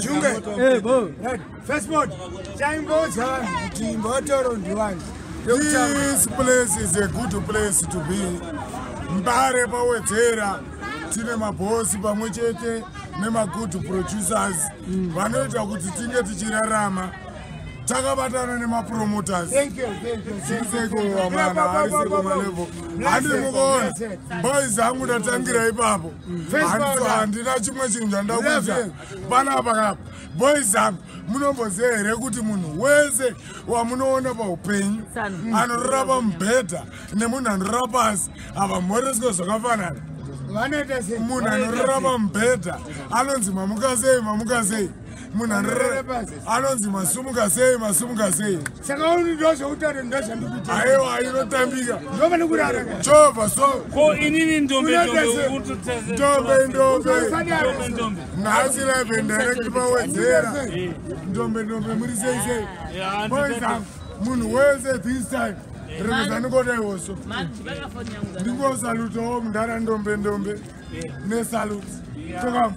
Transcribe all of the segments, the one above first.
jungle hey bo first board time board zwane timbotoro ndivani this place is a good place to be mbare pawedzera tine mabhosi pamwe chete nemagood producers mm. vanoita kuti tinge tichirarama takabatana nemapromoters sisekoamanaaisirkumalevo handimukoona boys hangu ndatangira ipapo handina chimwe chinhu chanda kuza panapakapa boys hangu munomboziva here kuti munhu wese wamunoona paupenyu hmm. anorora pamubhedha nemunhu anorora pasi havamhoreswe zvakafanana munhu anorora pamubhedha anonzi mamuka sei mamuka sei munhu anoanonzi masumuka sei masumuka sei saka uni ndozvoutare ndozvandikutaiwa inotambika ndovane kurara jehovha so inini ndombe ndombe nhasi raibe ndirekti pawedzera ndombe ndombe muri sei sei poezangu munhu wese this time rekezanikodai woso ndingosalutawo mundara ndombe ndombe nesalut kakam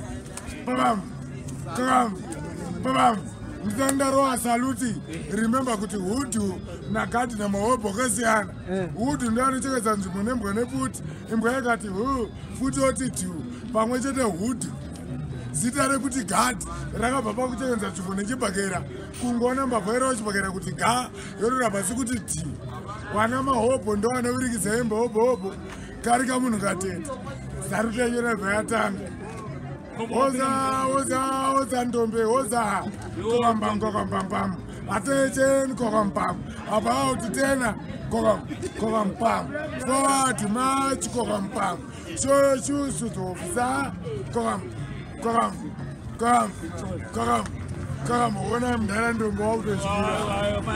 kakam kakam babamu ndinandaro asaluti rimemba kuti hudhu nagadhi namahobho kasiyana eh. hudhu ndianochekedza nzvimbo nembwa nefuti imbwa yakati hu futi oti tu pamwe chete hudhu zita rekuti gadhi rakabva pakuchekedza nzvimbo nechibhakera kungoona mbavha yerava chibhakera kuti ga yorora pasi kuti ti vana mahobho ndoanovirikidza imba hobho hobho kari kamunhu katete zarutenyerebva yatanga oza oza oza ndombe oza kokambam kokambampam atetyeni kokampam about tena kokampam forward march kokampam sosusutofza kokam kokam kokam kokam kokam ona mndala ndombe wautoa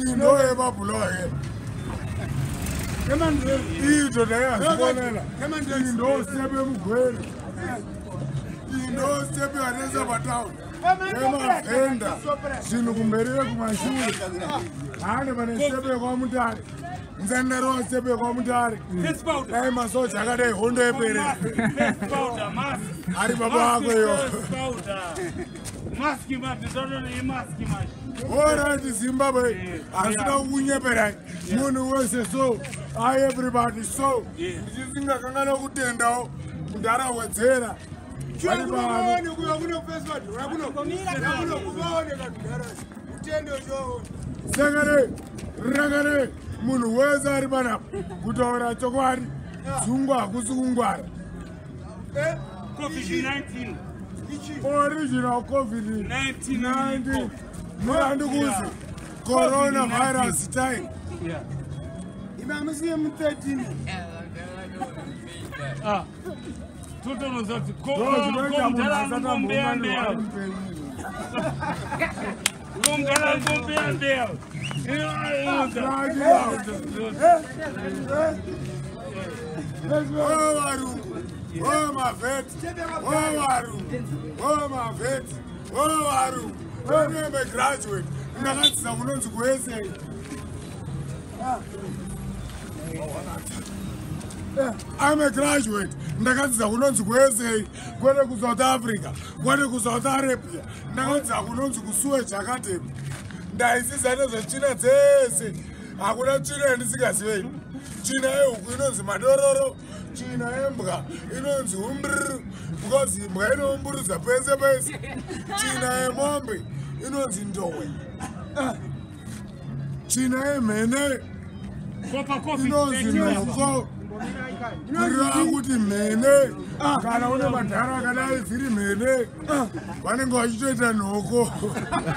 into ebabhulahela into leyaziboleaindo sebemgweni into sebeanezabatawu emavenda zinu kumberile kumashule hane vanesebekwamutari nzenderowa sebekwamutari ai masoja akadai hondo epere ari baba wakweyo maski mati zvanonei maski mati orati zimbabwe asina kunyeperai munhu wese so aeverybody so ndichisingakangana kutendawo kundarawedzera sekere rakare munhu wese ari panapa kutaura chokwadi zungwa ah. hakusi kungwara eh? original covid-19 mandikuzi coronavirus time imamisiye mu-13 tutonozati komdalankambeyandeo komdalankambeyandeo iyoaruza varuku vomavheti vowaru vomavheti vowaru vonembe graduate ndakatiza kunonzi kuwesei ame graduate ndakatiza kunonzi kuwesei kwere kusouth africa kwere kusouth arabia ndakatiza kunonzi kusuwe jakademu ndaisizane zvetsvina dzese hakuna tsvina endisingazivei tinaye huku inonzi madororo tinaye mbwa inonzi umbururu because mbwa inoumburudza pese pese tinaye mombe inonzi ndowe tinaye mhene inonzi noko kurireva kuti mhene kana une madhara akadai dziri mhene vanenge vachitoita nhoko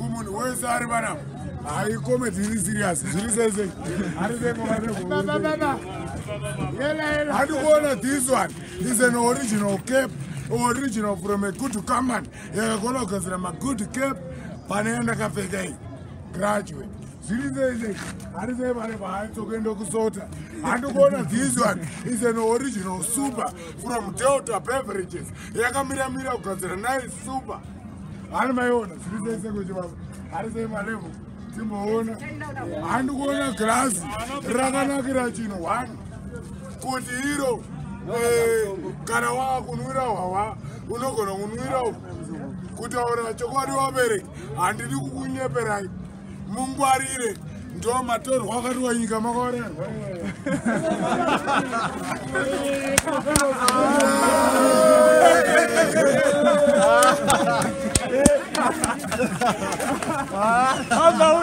kumunhu wese ari vana hai komedi iri siriyasi zviri seseadi kuona this one is an original cape original from agood comman yakakona kugadzira magood cape pane yandakapfekai graduate zviri seisei hari sevane vaatokuenda kusota handi kuona this one is an original super from delta beverages yakamiramira kugadzira nice super hani maiona zirisaisekuti baba hari sei malevo timboona handi kuona grasi rakanakira chino hani kuti iro kana waa kunwira hwawa unogona kunwira kutaura chokwadi wabereki handidi kukunyeperai mungwarire ndo matorwa akati wanyika makaorea Ah, não, tá